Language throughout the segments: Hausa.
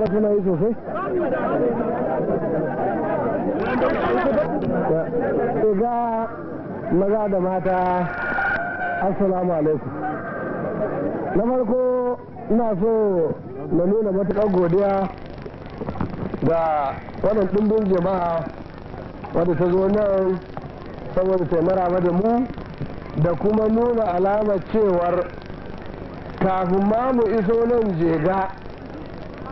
ba suna yi sosai ga maza da mata assalamu alaikum na farko ina so na nuna matuƙar godiya ga wannan ɗimbin jama'a wadda ta zo nan saboda taimara da mu da kuma nuna alamar cewar kafin ma mu iso nan jega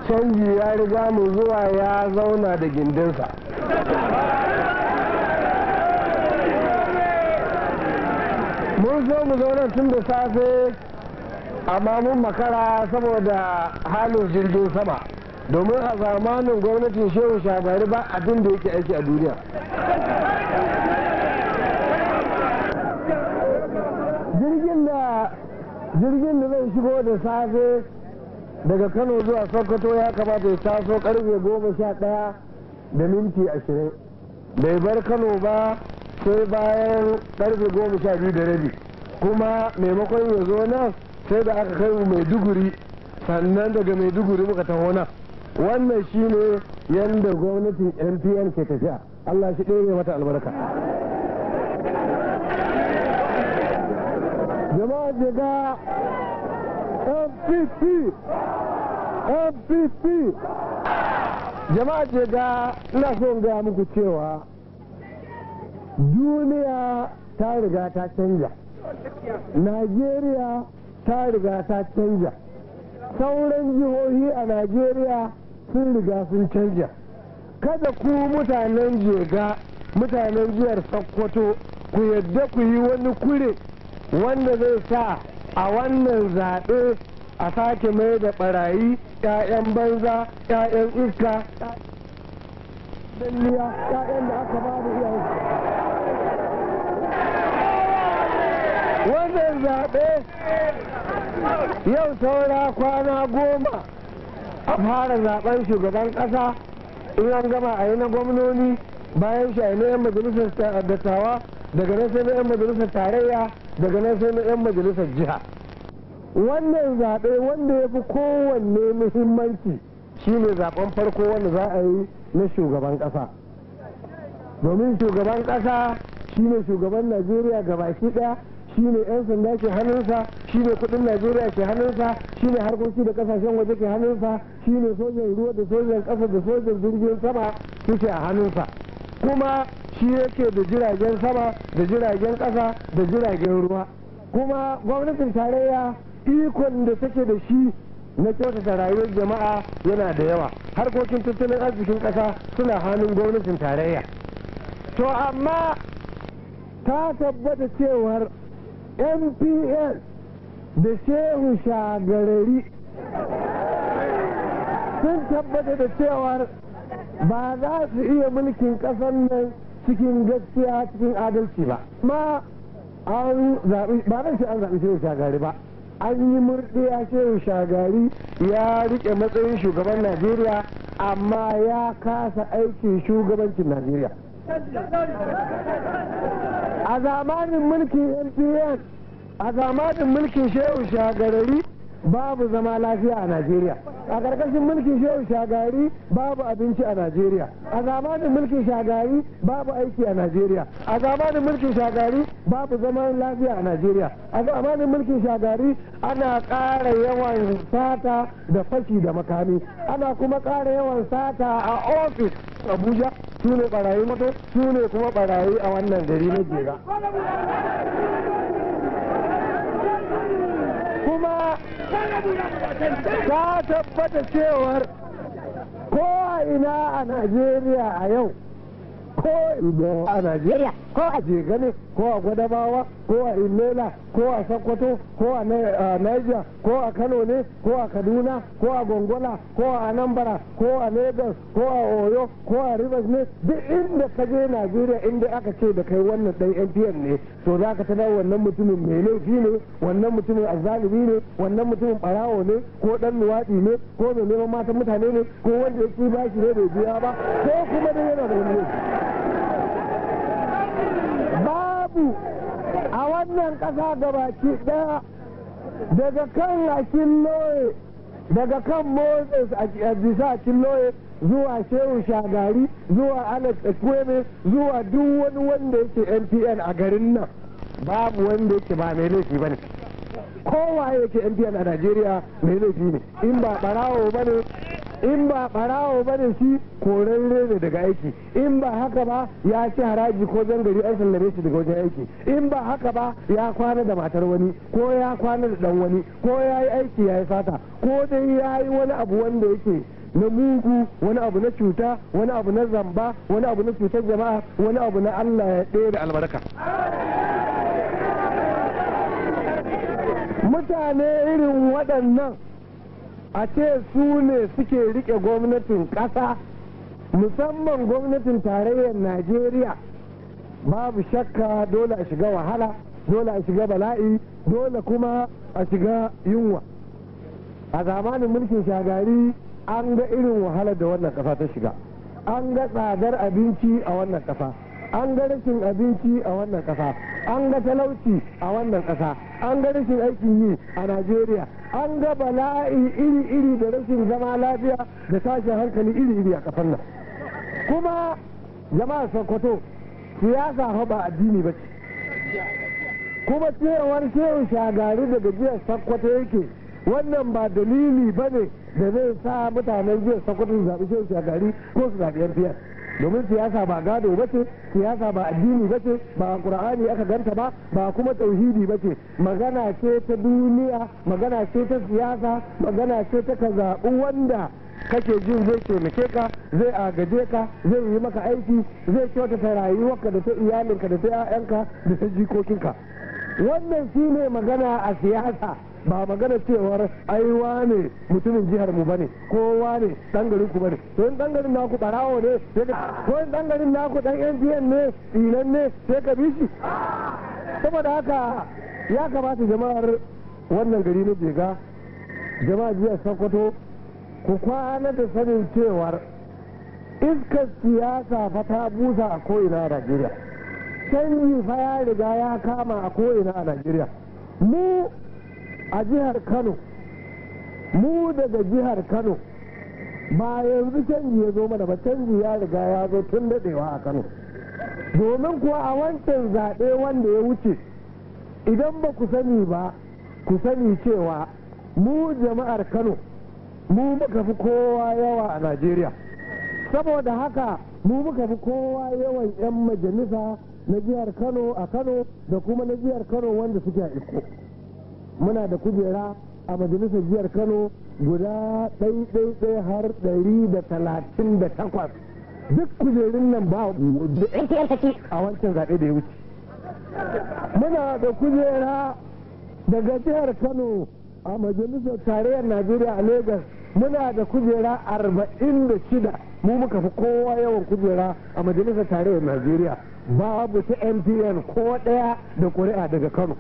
canji ya riga mu zuwa ya zauna da gindinsa mun zo mu zauna tun da safe amma mun makara saboda halin jirgin sama domin a zamanin gwamnatin shehu shagari ba abin da yake aiki a duniya jirgin da zai shigo da safe daga kano zuwa sokoto ya kamata ya taso karfe goma sha ɗaya da minti ashirin bai bar kano ba sai bayan karfe goma sha biyu da rabi kuma maimakon ya zo nan sai da aka kai mu mai duguri sannan daga mai duguri muka taho nan wannan shine yadda gwamnatin npn ke tafiya allah shi ɗaya mata albarka jama'a MPP! MPP! Jama'a jega ga ina son gaya muku cewa duniya ta riga ta canja. Najeriya ta riga ta canja. Sauran jihohi a Najeriya sun riga sun canja. Kada ku mutanen jega mutanen jihar Sokoto ku yadda ku yi wani kure wanda zai sa a wannan zaɓe a sake mai da barayi 'ya'yan banza 'ya'yan iska dalliya 'ya'yan da aka ba da iyayen wannan zaɓe yau saura kwana goma a fara zaɓen shugaban ƙasa in gama a yi na gwamnoni bayan shi a yi na 'yan majalisar dattawa daga nan sai na 'yan majalisar tarayya daga nan sai na 'yan majalisar jiha wannan zaɓe wanda ya fi kowanne muhimmanci shine zaɓen farko wanda za a yi na shugaban ƙasa domin shugaban ƙasa shine shugaban najeriya gaba ɗaya shine 'yan sanda ke hannunsa shine kudin najeriya ke hannunsa shine harkoki da kasashen waje ke hannunsa shine sojan ruwa da sojan ƙasa da sojan jirgin sama suke a hannunsa kuma shi yake da jiragen sama da jiragen ƙasa da jiragen ruwa kuma gwamnatin tarayya ikon da take da shi na kyautata rayuwar jama'a yana da yawa harkokin tattalin arzikin ƙasa suna hannun gwamnatin tarayya to amma ta tabbata cewar mps da shehu shagarari sun tabbata da cewar ba za su iya mulkin ƙasar nan cikin gaskiya cikin adalci ba ma an zaɓi ba nan shi an zaɓi shehu shagari ba an yi murɗiya shehu shagari ya riƙe matsayin shugaban najeriya amma ya kasa aikin shugabancin najeriya a zamanin mulkin npn a zamanin mulkin shehu shagarari babu zama lafiya a Najeriya a ƙarƙashin mulkin shehu shagari babu abinci a Najeriya a zamanin mulkin shagari babu aiki a Najeriya a zamanin mulkin shagari babu zaman lafiya a Najeriya a zamanin mulkin shagari ana ƙara yawan sata da fashi da makami ana kuma ƙara yawan sata a ofis Abuja su ne barayi mutum su ne kuma barayi a wannan gari na jera ta tabbata cewar ko ina a najeriya a yau ko ina a najeriya ko a jegane ko a gwadabawa ko a ilela ko a sokoto ko a niger ko a kano ne ko a kaduna ko a gongola ko a anambra ko a lagos ko a oyo ko a rivers ne duk inda ka je najeriya inda aka ce da kai wannan dan npn ne to za ka tana wannan mutumin mai laifi ne wannan mutumin azzalimi ne wannan mutumin barawo ne ko dan luwaɗi ne ko mai neman matan mutane ne ko wanda ya ci bashi ne bai biya ba ko kuma da yana da babu a wannan ƙasa gabaki ɗaya daga kan yakin loye daga kan moses a bisa loye zuwa shehu shagari zuwa alex ekweme zuwa duk wani wanda yake mpn a garin nan babu wanda yake ba mai laifi ba ne kowa yake mpn a najeriya mai laifi ne in ba barawo ba ne in ba barawo ba da shi koren rene daga aiki in ba haka ba ya ci haraji ko gari an sallare shi daga wajen aiki in ba haka ba ya kwana da matar wani ko ya kwana da dan wani ko ya yi aiki ya yi sata ko dai ya yi wani abu wanda yake na mugu wani abu na cuta wani abu na zamba wani abu na cutar jama'a wani abu na allah ya ɗaya da albarka mutane irin waɗannan a ce su ne suke rike gwamnatin ƙasa musamman gwamnatin tarayyar najeriya babu shakka dole a shiga wahala dole a shiga bala'i dole kuma a shiga yunwa a zamanin mulkin shagari an ga irin wahala da wannan kasa ta shiga an ga tsadar abinci a wannan kasa an ga rashin abinci a wannan kasa an ga talauci a wannan kasa an ga rashin aikin yi a najeriya an ga bala'i iri-iri da rashin zama lafiya da tashin hankali iri-iri a kafar nan kuma jama'a sokoto siyasa ba addini ba ce kuma cewar shehu shagari daga jiyar sokoto yake wannan ba dalili ba ne da zai sa mutanen jiyar sokoto su zaɓi shehu shagari ko su zaɓi yan domin siyasa ba gado ba ce siyasa ba addini ba ce ba qur'ani aka ganta ba ba kuma tauhidi ba ce magana ce ta duniya magana ce ta siyasa magana ce ta ka zaɓi wanda kake jin zai taimake ka zai agaje ka zai yi maka aiki zai kyautata rayuwarka da ta iyalinka da ta 'ya'yanka da ta jikokinka wannan shine magana a siyasa ba magana cewar ai wane mutumin jihar mu bane ko wane dan garin ku bane to in dan garin naku barawo ne ko in dan garin naku dan NDN ne tsinan ne sai ka bishi saboda haka ya kamata jama'ar wannan gari na jega jama'a jiya sokoto ku kwana da sanin cewar iskar siyasa fa ta busa a ko'ina a najeriya canji fa ya riga ya kama a ko'ina a najeriya mu a jihar kano mu daga jihar kano ba yanzu canji ya zo mana ba canji ya riga ya zo tun daɗewa a kano domin kuwa a wancan zaɓe wanda ya wuce idan ba ku sani ba ku sani cewa mu jama'ar kano mu muka fi kowa yawa a najeriya saboda haka mu muka fi kowa yawan 'yan majalisa na jihar kano a kano da kuma na jihar kano wanda suke a iko muna da kujera a majalisar jihar kano guda ɗaiɗaiɗai har ɗari da talatin da takwas duk kujerun nan ba a wancan zaɓe da ya wuce muna da kujera daga jihar kano a majalisar tarayyar najeriya a lagos muna da kujera arba'in da shida mu muka fi kowa yawan kujera a majalisar tarayyar najeriya babu ta MTN ko ɗaya da ƙuri'a daga kano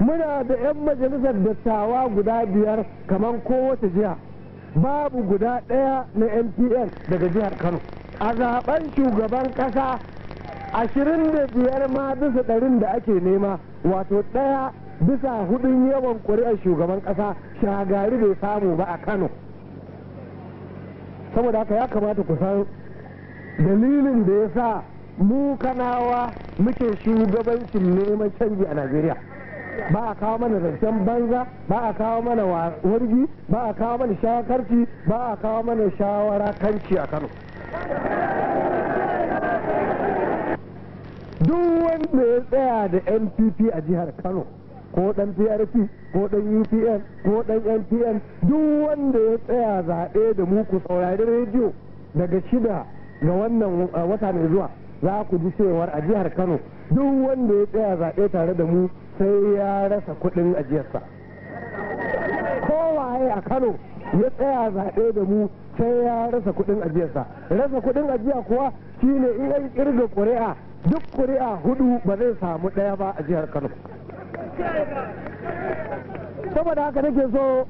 muna da 'yan majalisar dattawa guda biyar kamar kowace jiha babu guda ɗaya na mps daga jihar kano a zaben shugaban ƙasa biyar ma bisa ɗarin da ake nema wato ɗaya bisa hudun yawan ƙuri'ar shugaban ƙasa shagari bai samu ba a kano saboda haka ya kamata ku san dalilin da ya sa mu kanawa muke shugabancin neman canji a najeriya ba a kawo mana zancen banza ba a kawo mana wargi ba a kawo mana shakarci ba a kawo mana shawara kanci a kano duk wanda ya tsaya da npp a jihar kano ko dan prp ko dan upn ko dan npn duk wanda ya tsaya zaɓe da mu ku saurari rediyo daga shida ga wannan uh, wata mai zuwa za ku ji cewar a jihar kano duk wanda ya tsaya zaɓe tare da mu sai ya rasa kuɗin ajiyarsa kowaye a kano ya tsaya zaɓe da mu sai ya rasa kuɗin ajiyarsa rasa kuɗin ajiya kuwa shine in an kirga ƙuri'a duk ƙuri'a hudu ba zai samu ɗaya ba a jihar kano saboda haka nake so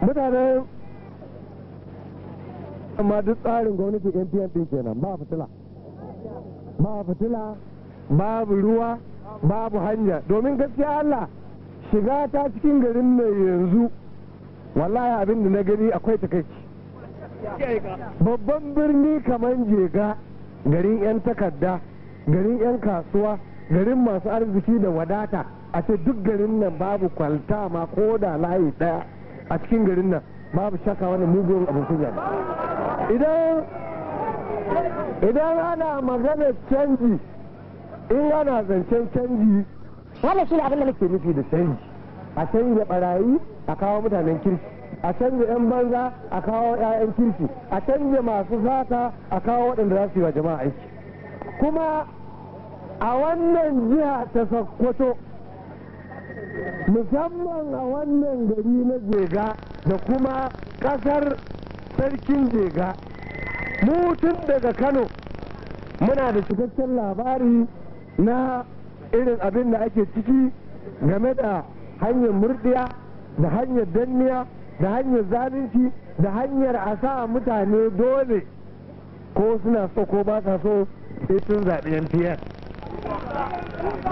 mutanen amma duk tsarin gwamnati npn din kenan ba fitila ba fitila babu ruwa babu hanya domin gaskiya Allah shiga ta cikin garin mai yanzu wallahi abin da na gani akwai takaici babban birni kamar jega garin 'yan takarda garin 'yan kasuwa garin masu arziki da wadata a ce duk garin nan babu kwalta ma ko da layi daya a cikin garin nan babu shaka wani mugun abin kunya idan ana magana canji in yana zancen canji wannan shi ne abin da nake nufi da canji a canza barayi a kawo mutanen kirki a canza 'yan banza a kawo 'ya'yan kirki a canza masu sata a kawo waɗanda za su yi wa jama'a aiki kuma a wannan jiha ta sakkwato musamman a wannan gari na jega da kuma ƙasar sarkin jega mutum daga kano muna da cikakken labari na irin abin da ake ciki game da hanyar murdiya da hanyar danniya da hanyar zalunci da hanyar a sa mutane dole ko suna so ko ba sa so sai sun zaɓi yan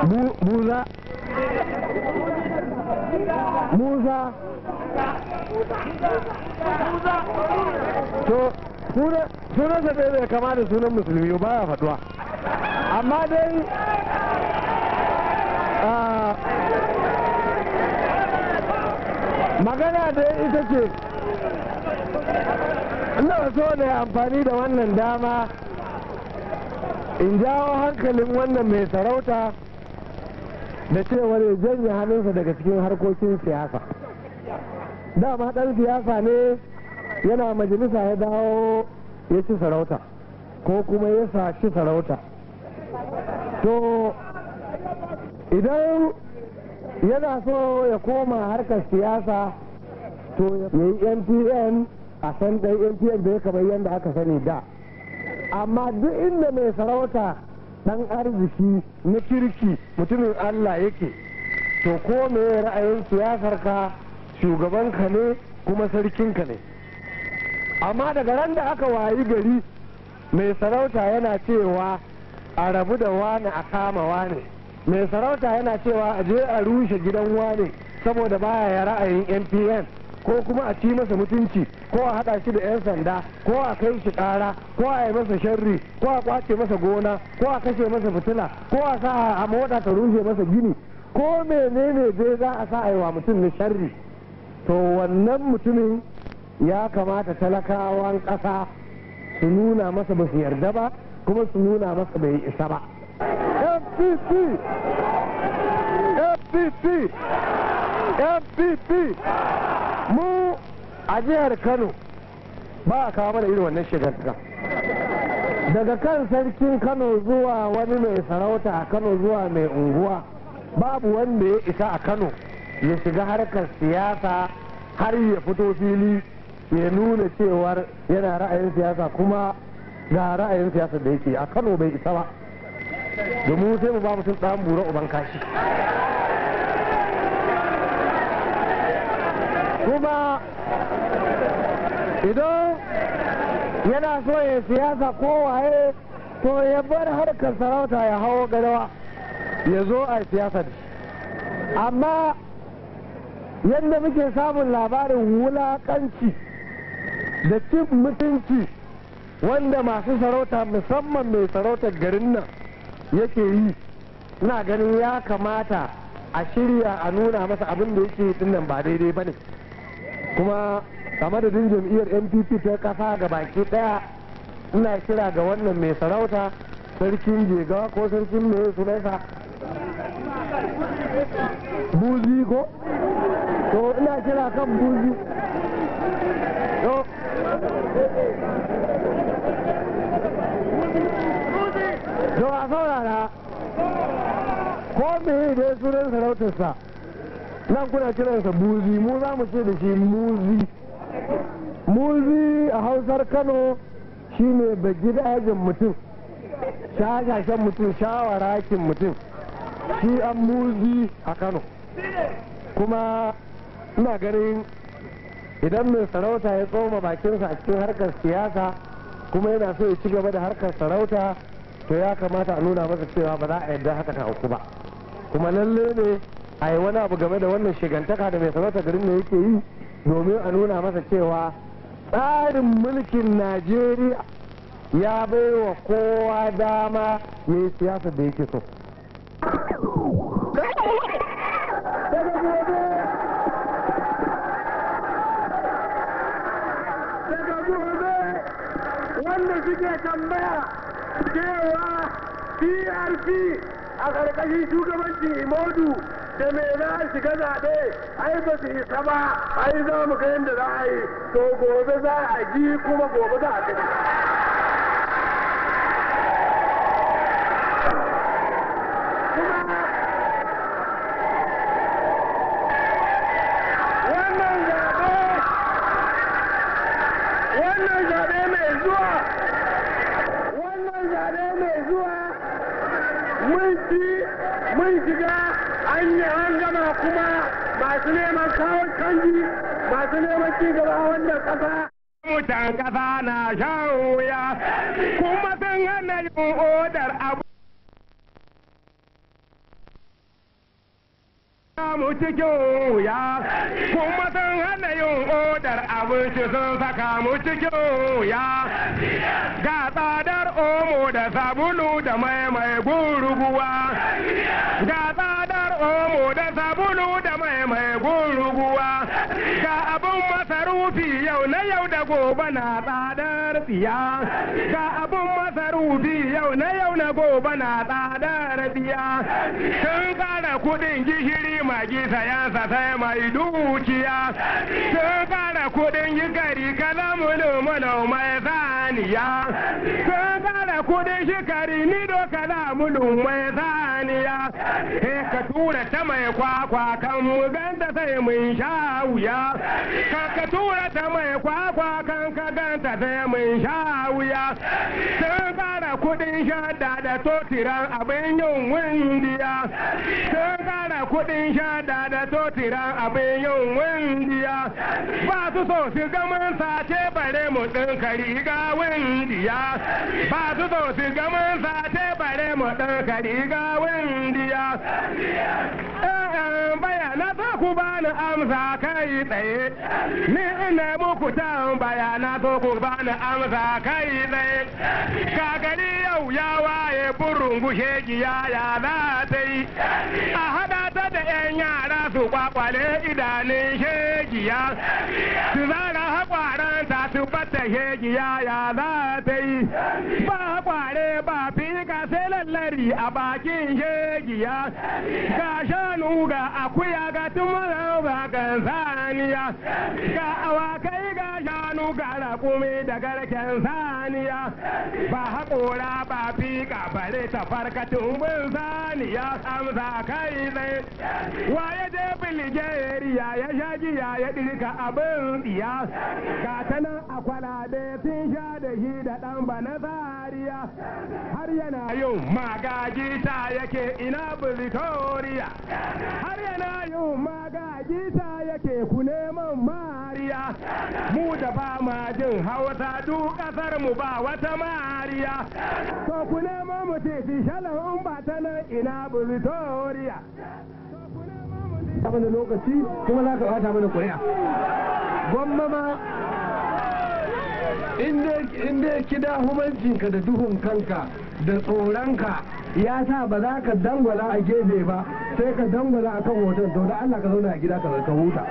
Musa musa to sunan sa bai kama da sunan musulmi ba ya faduwa amma dai magana dai ita ce ina so da amfani da wannan dama in jawo hankalin wannan mai sarauta da cewar ya janye hannunsa daga cikin harkokin siyasa dama dan siyasa ne yana majalisa ya dawo ya ci sarauta ko kuma ya sa shi sarauta to idan yana so ya koma harkar siyasa to ya yi NPN a san ɗan npn da ya kamar yadda aka sani da amma duk inda mai sarauta ɗan arziki na kirki mutumin allah yake to ko me ra'ayin siyasar ka shugabanka ne kuma sarkinka ne amma daga ran da aka wayi gari mai sarauta yana cewa a rabu da wane a kama wane mai sarauta yana cewa a je a rushe gidan wane saboda baya ya ra'ayin npn ko kuma a ci masa mutunci ko a haɗa shi da 'yan sanda ko a kai shi ƙara ko a yi masa sharri ko a kwace masa gona ko a kashe masa fitila ko a sa a mota ta rushe masa gini ko menene zai za a sa a yi wa mutum na sharri to wannan mutumin ya kamata talakawan ƙasa su nuna masa ba su yarda ba kuma su nuna masa bai isa ba mpp mpp mpp mu a jihar kano ba a kawo mana irin wannan shigarta daga kan sarkin kano zuwa wani mai sarauta a kano zuwa mai unguwa babu wanda ya isa a kano ya shiga harkar siyasa har ya fito fili ya nuna cewar yana ra'ayin siyasa kuma ga ra'ayin siyasar da yake a kano bai isa ba domin sai mu ba mutum ɗan bura uban kashi kuma idan yana so ya siyasa ko waye to ya bar harkar sarauta ya hawo gadawa ya zo a siyasa amma yadda muke samun labarin wulakanci da cin mutunci wanda masu sarauta musamman mai sarautar garin nan yake yi ina ganin ya kamata a shirya a nuna masa abin da yake yi nan ba daidai ba ne kuma a madadin jam'iyyar npp ta kasa ga baki daya ina kira ga wannan mai sarauta sarkin jega ko sarkin mai sunansa buzi ko to ina kira kan buzi to a saurara ko meye da ya sunan sarautarsa nan kuna kiransa buzi mu za mu ce da shi muzi muzi a hausar kano shine gidajen mutum shashashen mutum shawarakin mutum shi an muzi a kano kuma ina ganin idan mai sarauta ya tsoma bakinsa a cikin harkar siyasa kuma yana so ya ci gaba da harkar sarauta to ya kamata a nuna masa cewa ba za a yarda haka ta auku ba kuma lalle ne a yi wani abu game da wannan shigantaka da mai sarauta garin ne yake yi domin a nuna masa cewa tsarin mulkin najeriya ya bai wa kowa dama ya yi siyasa da yake so wanda suke tambaya cewa prp a ƙarƙashin shugabancin imodu da mai za a shiga zaɓe ai ba su isa ba ai za mu ga yadda za a yi to gobe za a ji kuma gobe za a kai matan kasa na shan wuya kuma sun hana yin odar abu Samu cikin wuya kuma sun hana yin odar abinci sun saka mu cikin wuya ga tsadar omo da sabulu da mai mai guruguwa ga tsadar omo da sabulu da mai mai guruguwa ga abin masarufi yau na yau da gobe na tsadar tsiya ga abun masarufi yau na yau na gobe na tsadar tsiya sun kara kudin gishiri magi sayansa sai mai dukiya sun kara kudin gikari kalamulu manau mai zaniya sun kara kudin shikari nido kalamulu mai he ka tura ta mai kwakwa kan mu ganta sai mun sha wuya ka tura ta mai kwakwa ma kan ka ganta sai mun sha wuya sun kara kudin shada da totiran abin yin wundiya. sun kara kudin shada da totiran abin yin wundiya. ba su so su sa sace bare mu din kariga wundiya. ba su so su sa sace bare mu din kariga wundiya. ku ba ni amsa kai tsaye ni ina muku tan bayana to ku ba ni amsa kai tsaye gagari yau ya waye burin gushe giya ya za ta yi a hada ta da yan yara su kwakwale idanun shegiya su zara hakwaranta su fata shegiya ya za ta yi ba hakware ba fi ga lallari a bakin shegiya ga shanu ga akuya ga tumura ba kan ga awakai ga shanu ga raƙumi da garken saniya ba haƙora ba fiƙa bare ta farka tumbin saniya amsa kai zai ya je biligeriya ya shagiya ya ɗirka abin tsiya ga ta nan sun sha da shi da ɗan ba na zariya har yana yin magaji ta yake ina Victoria har yana yin magaji ta yake ku neman mariya mu da ba ma jin hausa duk kasar mu ba wata mariya to ku neman mu ce fi shalan ba ta nan ina Victoria ta mana lokaci kuma za ka bata mana kuri'a gwamma ma inda kida hubancinka da duhun kanka da tsoronka ya sa ba za ka dangwala a gefe ba sai ka dangwala a kan hoton to da Allah ka zauna a gida ka huta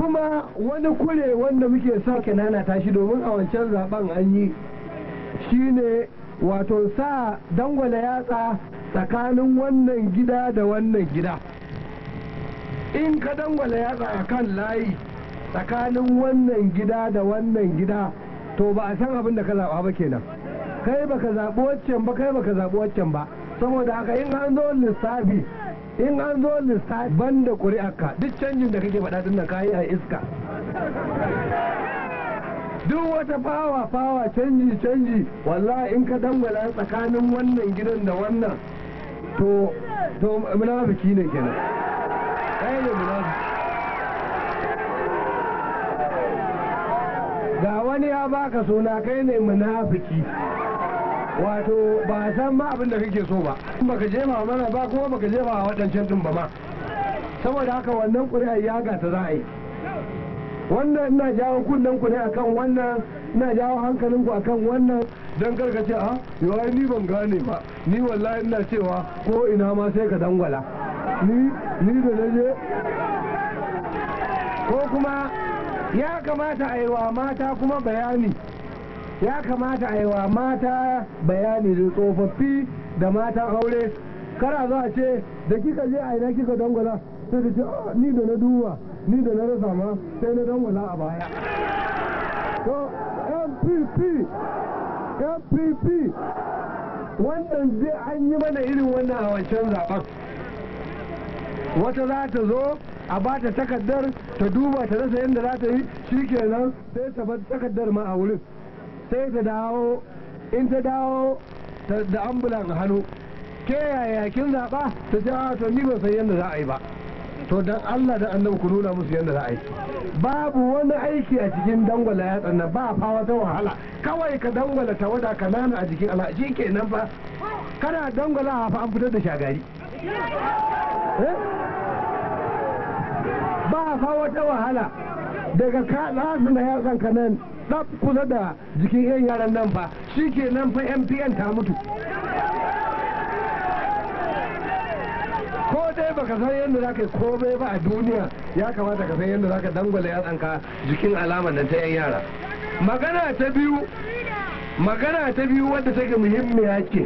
kuma wani kure wanda muke sake nana tashi domin a wancan zaben an yi shine wato sa dangwala yatsa tsakanin wannan gida da wannan gida in ka dangwala yatsa a kan layi tsakanin wannan gida da wannan gida to ba a san abin da ka zaɓa ba kenan kai ba ka zaɓi waccan ba kai ba ka zaɓi waccan ba saboda haka in an zo lissafi in an zo lissafi ban da ka duk canjin da kake faɗa dinnan kayi a iska duk wata fawa fawa canji canji walla in ka dangwala tsakanin wannan gidan da wannan to to munafiki ne kenan ga wani ya baka suna kai ne munafiki wato ba san ma abin da kake so ba baka ma mana ba kuma baka je a waɗancan din ba ma saboda haka wannan ƙuri'ar ya gata za a yi wannan ina jawo kunnen ku ne akan wannan ina jawo hankalin ku akan wannan dan karka ce a ah, yawai ni ban gane ba ni wallahi ina cewa ko ina ma sai ka dangwala ni ni da naje ko kuma ya kamata a yi wa mata kuma bayani ya kamata a yi wa mata bayani da tsofaffi da matan aure kara za a ce da kika je a ina kika dangwala sai da ce ah, ni da na duba ni da na rasa ma sai na dangwala a baya to mpp mpp wannan zai an yi mana irin wannan a wancan zaɓen wata za ta zo a ba ta takardar ta duba ta rasa yadda za ta yi shi nan sai ta bar takardar ma a wurin sai ta dawo in ta dawo da ambulan hannu ke yaya kin zaɓa ta ce a ah, to ni ban san yadda za a yi ba to dan Allah da annabi ku nuna musu yadda za a yi babu wani aiki a cikin dangwala ya tsanna ba fa wata wahala kawai ka dangwala tawada kanana a jikin ala shi kenan fa kana dangwala fa an fitar da shagari eh? ba fa wata wahala daga ka na yatsan ka nan ɗaf kusa da jikin yan yaran nan ba shi ke nan fa mpn ta mutu ko dai baka san yadda za ka yi komai ba a duniya ya kamata ka san yadda za ka dangwale yatsan ka jikin alama nan ta yan yara magana ta biyu magana ta biyu wadda take muhimmiya ke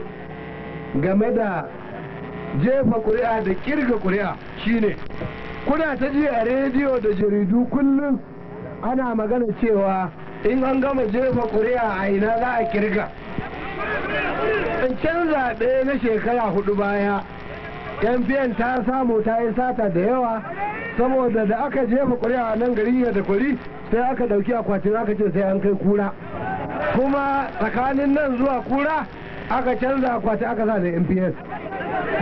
game da jefa kuri'a da kirga kuri'a shine kuna ta ji a rediyo da jaridu kullum ana magana cewa in an gama jefa kuri'a a ina za a kirga can zaɓe na shekara hudu baya yan ta samu ta yi sata da yawa saboda da aka jefa kuri'a nan gari da kuri sai aka dauki akwatin aka ce sai an kai kura kuma tsakanin nan zuwa kura aka canza akwati aka sa da mpn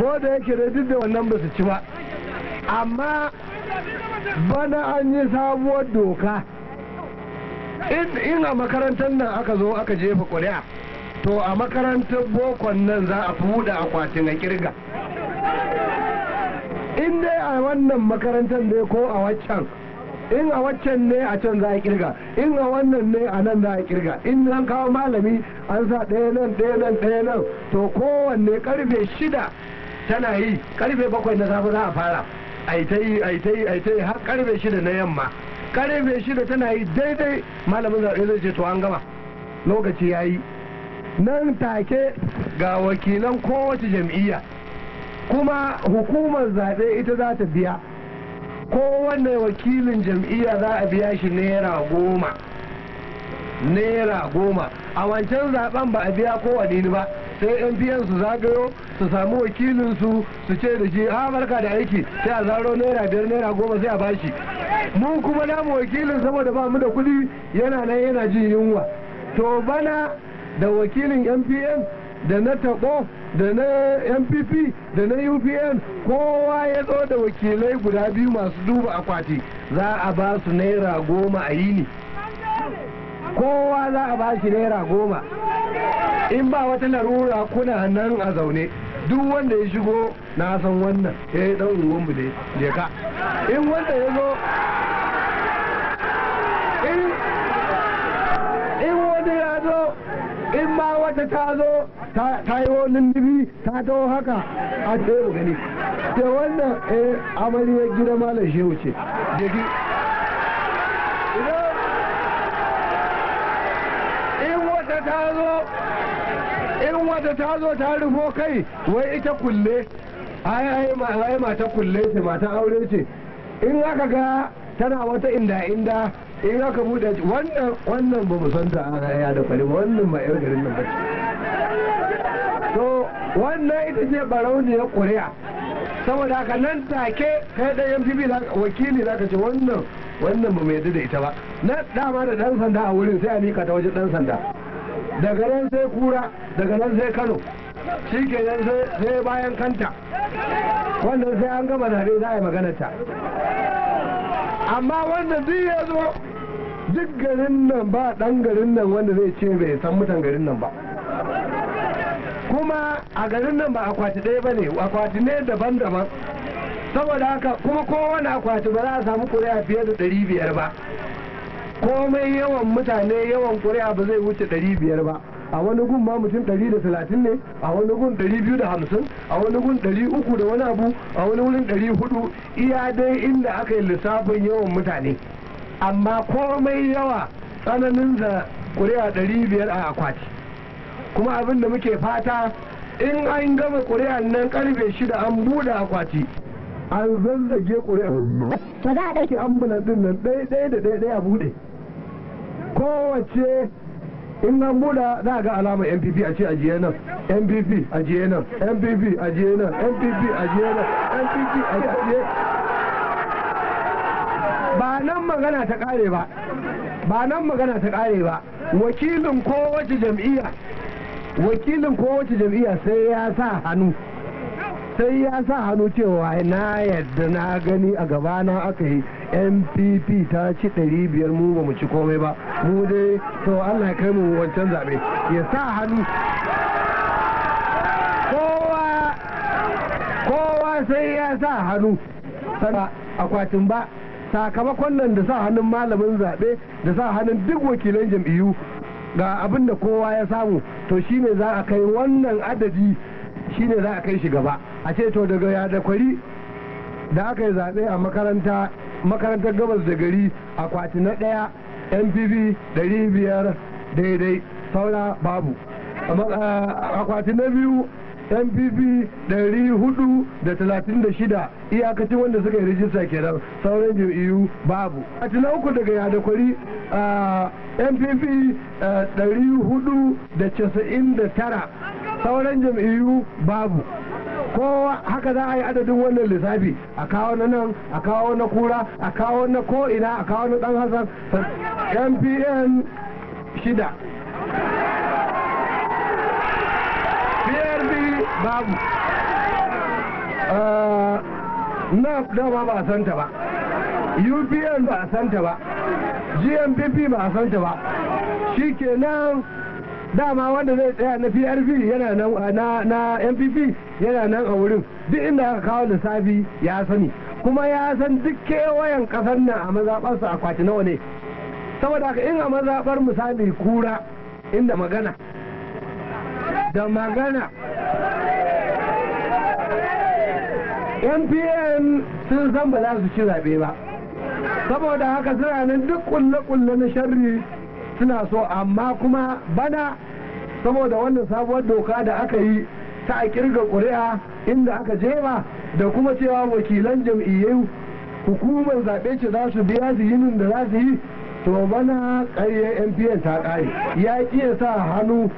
ko da yake da duk da wannan ba su ci ba amma bana an yi sabuwar doka in a makarantar nan aka zo aka jefa kuri'a to a makarantar bokon nan za a buɗe akwatin a kirga in dai a wannan makarantar ne ko a waccan in a waccan ne a can za a kirga in a wannan ne a nan za a kirga in an kawo malami an sa ɗaya nan ɗaya nan ɗaya nan to kowanne karfe shida tana yi karfe bakwai na safe za a fara ai ta yi har karfe shida na yamma karfe shida tana yi daidai malamin zaɓe zai ce to an gama lokaci ya yi nan take ga wakilan kowace jam'iyya kuma hukumar zaɓe ita za ta biya kowane wakilin jam'iyya za a biya shi naira goma naira goma a wancan zaben ba a biya kowane ba sai yan biyan su zagayo su samu wakilin su su ce da shi a ah, barka da aiki sai a zaro naira biyar naira goma sai a bashi mu kuma namu wakilin saboda ba mu da kuɗi yana nan yana jin yunwa to bana da wakilin mpn da na taɓo da na mpp da na upn kowa ya zo da wakilai guda biyu masu duba akwati za a ba su naira goma a yini kowa za a ba shi naira goma in ba wata larura kuna nan a zaune duk wanda ya shigo na san wannan ya eh, yi dan ungon mu ne ka in wanda ya zo in wanda ya zo in ma wata ta zo ta yi wani nibi ta taho haka a ce mu gani ce wannan eh amaliyar gina malar shehu ce jeki in wata ta zo in wata ta zo ta rufo kai wai ita kulle ai mata kulle ce mata aure ce in aka ga tana wata inda inda in aka bude wannan wannan ba mu san ta ya da kwari wannan ba yau garin nan ce to wannan ita ce barauniyar kuriya saboda haka nan take kai da MPP wakili za ka ce wannan wannan ba mai yadda da ita ba na dama da dan sanda a wurin sai a mika ta waje dan sanda daga nan sai kura daga nan sai kano shi kenan sai bayan kanta wanda sai an gama zaɓe za a yi maganarta amma wanda duk ya zo duk garin nan ba dan garin nan wanda zai ce bai san mutan garin nan ba kuma a garin nan ba akwati ɗaya ba akwati ne daban-daban saboda haka kuma kowane akwati ba za a samu kuri'a fiye da ɗari biyar ba komai yawan mutane yawan ƙuri'a ba zai wuce ɗari biyar ba a wani gun ma mutum ɗari da ne a wani gun ɗari biyu da hamsin a wani gun ɗari uku da wani abu a wani wurin ɗari iya dai inda aka yi lissafin yawan mutane amma komai yawa tsananin da ƙuri'a ɗari biyar a akwati kuma abin da muke fata in an gama kuri'a nan karfe shida an bude akwati an zazzage kuri'a ba za a ɗauki ambulan ɗin nan ɗaya da ɗaya a buɗe kowace in an buɗa za a ga alamar npp a ce ajiye nan npp ajiye nan npp ajiye nan npp ajiye nan npp ajiye ba nan magana ta kare ba ba nan magana ta kare ba wakilin kowace jam'iyya wakilin kowace jam'iyya sai ya sa hannu sai ya sa hannu cewa na yadda na gani a gabana aka yi npp ta ci 500 mu ba mu ci komai ba mu dai to allah kai mu wancan zaɓe ya sa hannu kowa sai ya sa hannu sana akwatin ba sakamakon nan da sa hannun malamin zaɓe da sa hannun duk wakilan jam'iyyu ga abinda kowa ya samu to shine za a kai wannan adadi shine za a kai shi gaba a ce to daga ya da kwari da aka yi zaɓe a makaranta makarantar gabas da gari akwati na ɗaya ɗari 500 daidai saura babu akwati na biyu da 436 iyakacin wanda suka yi rijista kenan sauran jam'iyyu babu a na uku daga casa'in da 499 sauran jam'iyyu babu ko haka za a yi adadin wannan lissafi a kawo na nan a kawo na kura a kawo na ko'ina a kawo na dan hassan mpn shida prd babu uh, na dama ba a santa ba upn ba a santa ba gmpp ba a santa ba shi ke nan. dama wanda zai tsaya na prp yana nan ah, na mpp yana nan a wurin duk inda aka kawo lissafi ya sani kuma ya san duk kewayen kasar nan a mazaɓarsa akwati nawa ne saboda haka in a mazaɓar misali kura inda magana da magana mpn sun san ba za su ci zaɓe ba saboda haka suna nan duk kulle-kulle na sharri suna so amma kuma bana saboda wannan sabuwar doka da aka yi ta a kirga ƙuri'a inda aka jema da kuma cewa wakilan jam'iyyu hukumar zaɓe ce za su biya su yinin da za su yi to bana ƙarye npn ta ƙari ya ya sa hannu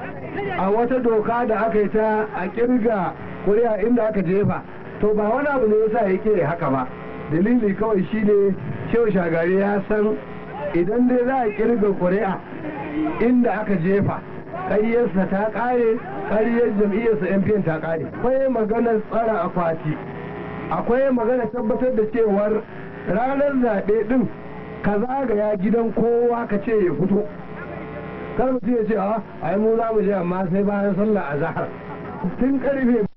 a wata doka da aka yi ta a kirga ƙuri'a inda aka jefa to ba wani abu ne ya yasa yake haka ba dalili kawai shine kyau shagari ya san idan dai za a kirga kuri'a inda aka jefa ƙaryarsa ta ƙare ƙaryar jam'iyyarsa 'yan fiye ta ƙare akwai maganar tsara akwati akwai maganar tabbatar da cewar ranar zaɓe ɗin ka zagaya gidan kowa ka ce ya fito kar mutum ya ce a ai mu za mu je amma sai bayan sallah a zahar tun karfe